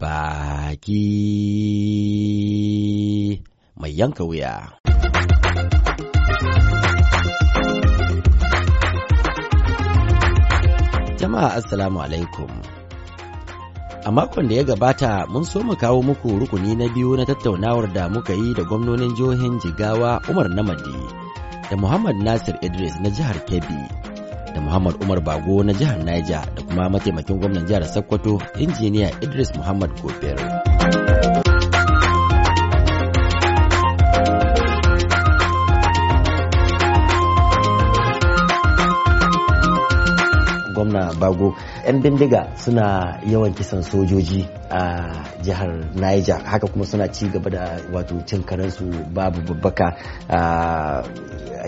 baki mai yanka wuya. Jama'a Assalamu alaikum. A makon da ya gabata mun so mu kawo muku rukuni na biyu na tattaunawar da muka yi da gwamnonin jihohin Jigawa Umar Namadi da Muhammad Nasir Idris na jihar Kebbi. da Muhammad Umar Bago na jihar Niger da kuma mataimakin gwamnan jihar Sokoto injiniya Idris Muhammad Gobir. bago 'yan bindiga suna yawan kisan sojoji a jihar niger haka kuma suna ci gaba da wato cin karensu babu babbaka a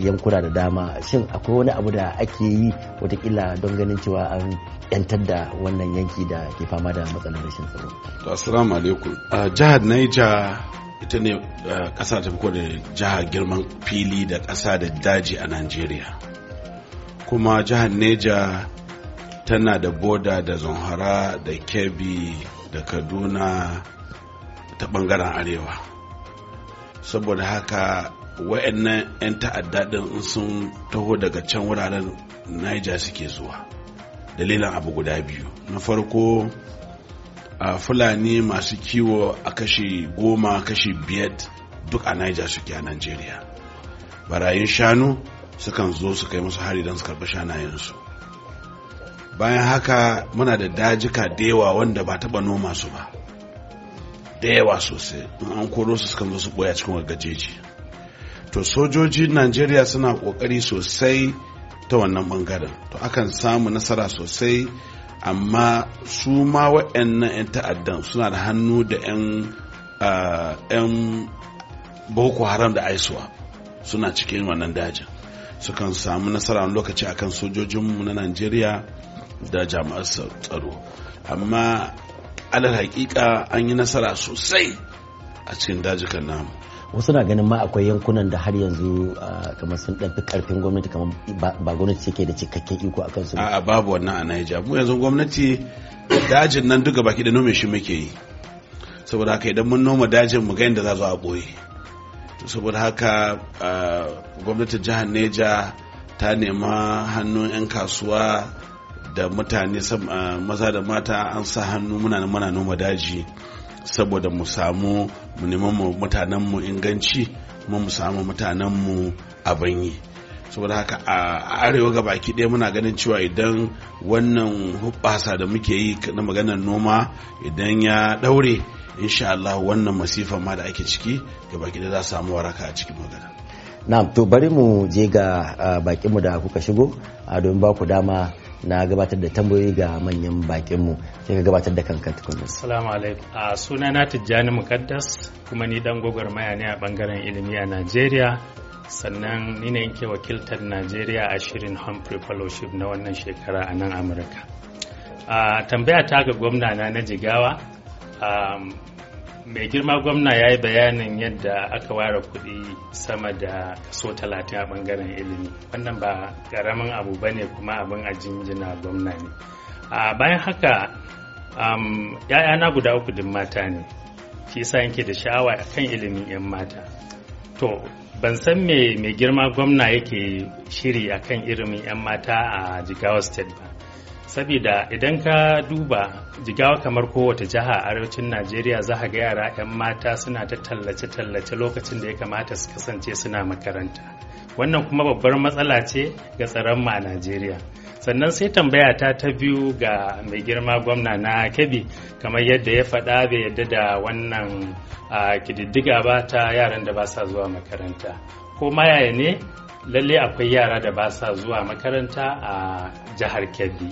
yankuna da dama shin akwai wani abu da ake yi watakila don ganin cewa an yantar da wannan yanki da ke fama da matsalar rashin tsaro to assalamu alaikum jihar niger ita ne kasa ta da jihar girman fili da kasa da daji a najeriya kuma jihar neja tana da boda da zonhara da kebbi da kaduna ta bangaren arewa saboda haka wa'annan 'yan ta'adda ɗin sun taho daga can wuraren naija suke zuwa dalilan abu guda biyu na farko a fulani masu kiwo a kashi goma kashi biyar duk a naija suke a nigeria barayin shanu sukan zo su kai musu hari don su karɓi shanayensu bayan haka muna da dajika da yawa wanda ba taba noma su ba da yawa sosai in an koro su sukan zo su boya cikin gajeji to sojoji najeriya suna kokari sosai ta wannan bangaren to akan samu nasara sosai amma su ma waɗannan 'yan ta'addan suna da hannu da 'yan boko haram da aisuwa suna cikin wannan dajin sukan samu nasara wani lokaci akan sojojinmu na najeriya da jami'an tsaro amma alal hakika an yi nasara sosai a cikin dajikan namu wasu na ganin ma akwai yankunan da har yanzu kamar sun ɗanfi karfin gwamnati kamar ba gwamnati ke da cikakken iko a kansu a babu wannan a naija mu yanzu gwamnati dajin nan duka baki da nome shi muke yi saboda haka idan mun noma dajin mu ga yadda za zo a boye saboda haka gwamnatin jihar Neja ta nema hannun 'yan kasuwa da mutane maza da mata an sa hannu muna mana noma daji saboda mu samu mu neman mutanenmu inganci kuma mu samu mutanenmu abin yi saboda haka a arewa ga baki ɗaya muna ganin cewa idan wannan hubbasa da muke yi na maganar noma idan ya ɗaure insha Allah wannan masifa ma da ake ciki ga baki ɗaya za samu waraka a cikin magana na to bari mu je ga bakinmu da kuka shigo domin ba ku dama na gabatar da tambayoyi ga manyan bakinmu sai ka gabatar da kanka tukunan assalamu alaikum a suna na tijjani mukaddas kuma ni dan gwagwarmaya ne a bangaren ilimi a najeriya sannan ni ne yake wakiltar najeriya a shirin humphrey fellowship na wannan shekara a nan amurka a tambaya ta ga gwamna na na jigawa um, mai girma gwamna ya yi bayanin yadda aka ware kuɗi sama da kaso talatin a ɓangaren ilimi wannan ba ƙaramin abu ba ne kuma abin a jinjina gwamna ne a bayan haka um, ‘ya'yana guda uku din mata ne shi yasa yanke da sha'awa kan ilimin 'yan mata to ban san me mai girma gwamna yake shiri akan ilimin 'yan mata a jigawa state ba saboda idan ka duba jigawa kamar kowace jiha a arewacin najeriya za ga yara 'yan mata suna ta tallace-tallace lokacin da ya kamata su kasance suna makaranta wannan kuma babbar matsala ce ga tsaron ma a najeriya sannan sai tambaya ta ta biyu ga mai girma gwamna na kebbi kamar yadda ya faɗa bai yadda da wannan kididdiga ba ta yaran da ba sa zuwa makaranta ko yaya ne lalle akwai yara da ba sa zuwa makaranta a jihar kebbi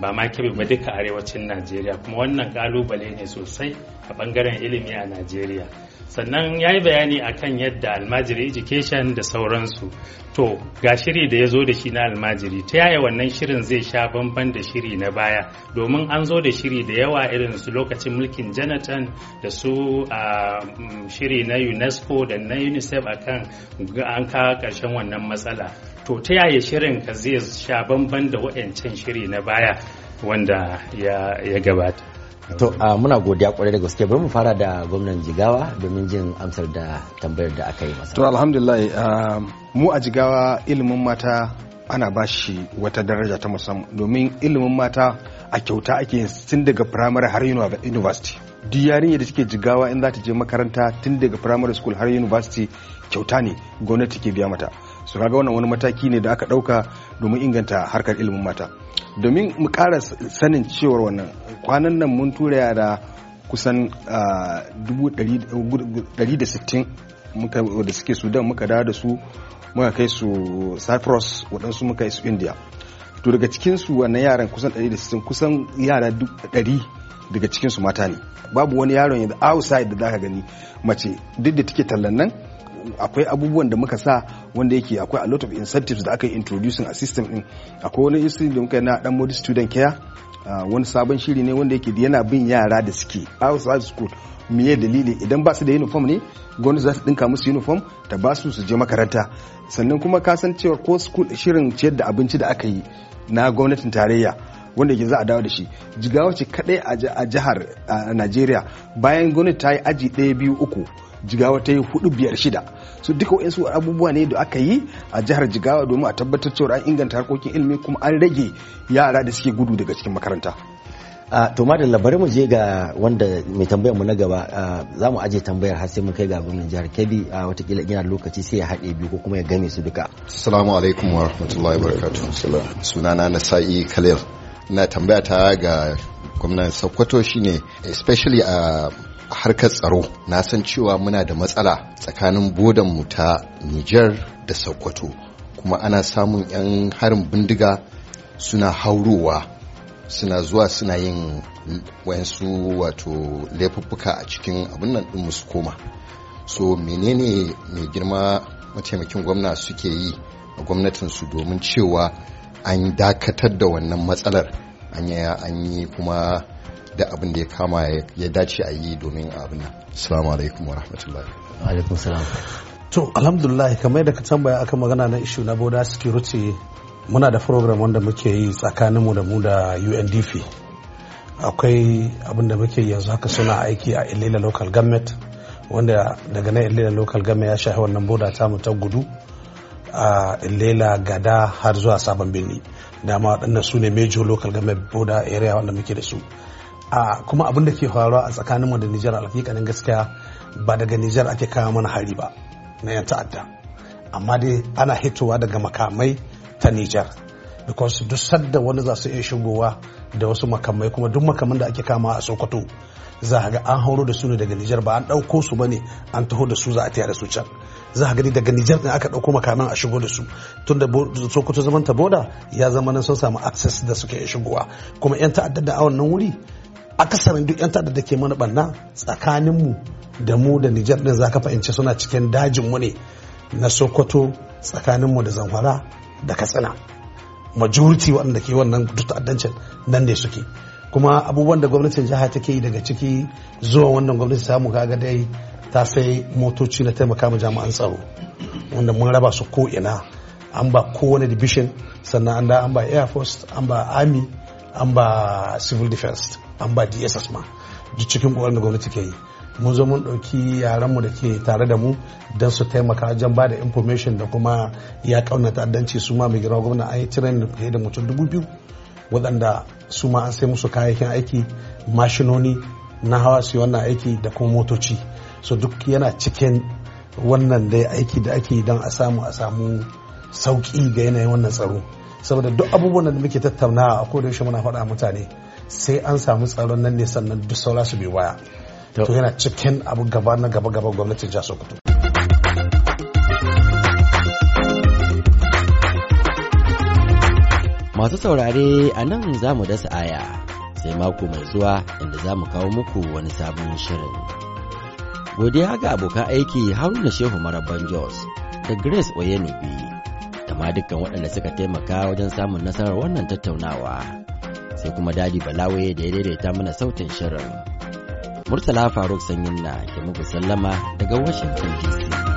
ba ma kebe ba duka arewacin najeriya kuma wannan kalubale ne sosai a bangaren ilimi a najeriya sannan ya yi bayani a kan yadda almajiri education da sauransu to ga shiri da ya zo da shi na almajiri ta yaya wannan shirin zai sha bamban da shiri na baya domin an zo da shiri da yawa irin su lokacin mulkin jonathan da su mm, shiri na unesco da na unicef a kan an kawo karshen wannan matsala to ta yaya shirin ka zai sha bamban da waɗancan shiri na baya wanda ya gabata to ah, muna godiya kwarai da gaske bari mu fara da gwamnan jigawa domin jin amsar da tambayar da aka yi masa to alhamdulillah ah, mu a jigawa ilimin mata ana ba shi wata daraja ta musamman domin ilimin mata a kyauta ake tun daga primary har university duk yarinya da suke jigawa in za ta je makaranta tun daga primary school har university kyauta ne gwamnati ke biya mata su kaga wannan wani mataki ne da aka ɗauka domin inganta harkar ilimin mata domin mu kara sanin cewar wannan kwanan nan mun tura yara kusan 160 da suke sudan muka dawo da su muka kai su cyprus waɗansu muka kai su india to daga cikinsu wannan yaran kusan 160 kusan yara 100 daga cikinsu mata ne babu wani yaron yanzu outside da ka gani mace duk da take tallan nan akwai abubuwan da muka sa wanda yake akwai a lot of incentives da aka introducing a system din akwai wani institute da muka yi na dan modi student care ah, wani sabon shiri ne wanda yake yana bin yara da suke outside school miye dalili idan ba su da uniform ne gwamnati za su dinka musu uniform ta ba su su je makaranta sannan kuma ka san cewa ko school shirin ciyar da abinci da aka yi na gwamnatin tarayya wanda ke za a dawo da shi jigawa ce kadai a jihar a najeriya bayan gwamnati ta yi aji ɗaya biyu uku jigawa ta yi hudu biyar shida su duka waɗansu abubuwa ne da aka yi a jihar jigawa domin a tabbatar cewa an inganta harkokin ilimi kuma an rage yara da suke gudu daga cikin makaranta a to madalla labarin mu je ga wanda mai tambayar mu na gaba za mu aje tambayar har sai mun kai ga gwamnan jihar Kebbi a watakila gina lokaci sai ya haɗe biyu ko kuma ya game su duka assalamu alaikum wa rahmatullahi wa barakatuh sunana sa'i khalil na tambaya ta ga gwamnan sokoto shine especially a harkar tsaro na san cewa muna da matsala tsakanin mu ta Nijar da Sokoto kuma ana samun 'yan harin bindiga suna haurowa suna zuwa suna yin wayansu wato laifuffuka a cikin abin nan ɗin su koma so menene mai girma mataimakin gwamna suke yi a gwamnatinsu domin cewa an dakatar da wannan matsalar an yi kuma da abin da ya kama ya dace a yi domin abin nan assalamu alaikum wa rahmatullahi alaikum salam to alhamdulillah kamar da ka tambaya aka magana na ishu na boda security muna da program wanda muke yi tsakaninmu da mu da UNDP akwai abin da muke yanzu haka suna aiki a Ilela local government wanda daga nan Ilila local government ya shahi wannan boda ta mu ta gudu a Ilela gada har zuwa sabon birni dama waɗannan su ne major local government boda area wanda muke da su a kuma abin da ke faruwa a tsakanin mu da Nijar alhakikanin gaskiya ba daga Nijar ake kawo mana hari ba na yan ta'adda amma dai ana hitowa daga makamai ta Nijar because duk sadda wani za su iya shigowa da wasu makamai kuma duk makaman da ake kama a Sokoto za ga an hauro da su ne daga Nijar ba an ɗauko su bane an taho da su za a tayar da su can za gani daga Nijar ne aka ɗauko makaman a shigo da su tun da Sokoto zaman ta boda ya zama nan sun samu access da suke shigowa kuma yan ta'addar da a wannan wuri akasarin duk 'yan tada da ke mana barna tsakaninmu da mu da Nijar din za ka fahimci suna cikin dajin mu ne na Sokoto tsakaninmu da Zamfara da Katsina. Majority waɗanda ke wannan duk nan ne suke. Kuma abubuwan da gwamnatin jiha take yi daga ciki zuwa wannan gwamnati ta mu kaga dai ta sai motoci na taimaka ma jami'an tsaro wanda mun raba su ko ina an ba kowane division sannan an da an ba air force an ba army an ba civil defense an ba dss ma duk cikin kokarin da gwamnati ke yi mun zo mun ɗauki yaranmu da ke tare da mu don su taimaka wajen ba da information da kuma ya kauna ta'addanci su ma mai girma gwamna an yi tiran fiye da mutum dubu biyu waɗanda su ma an sai musu kayayyakin aiki mashinoni na hawa su wannan aiki da kuma motoci so duk yana cikin wannan dai aiki da ake don a samu a samu sauƙi ga yanayin wannan tsaro saboda duk abubuwan da muke tattaunawa a kodayaushe muna faɗa mutane sai an samu tsaron nan ne sannan duk saura su bi waya to yana cikin abu gaba na gaba gaba gwamnatin jihar sokoto masu saurare a nan za mu dasa aya sai mako mai zuwa inda za mu kawo muku wani sabon shirin godiya ga abokan aiki haruna shehu Maraban jos da grace oyenubi da ma dukkan waɗanda suka taimaka wajen samun nasarar wannan tattaunawa sai kuma dadi balawe da ya daidaita mana sautin shirin murtala faruk sanyin na ke muku sallama daga washington dc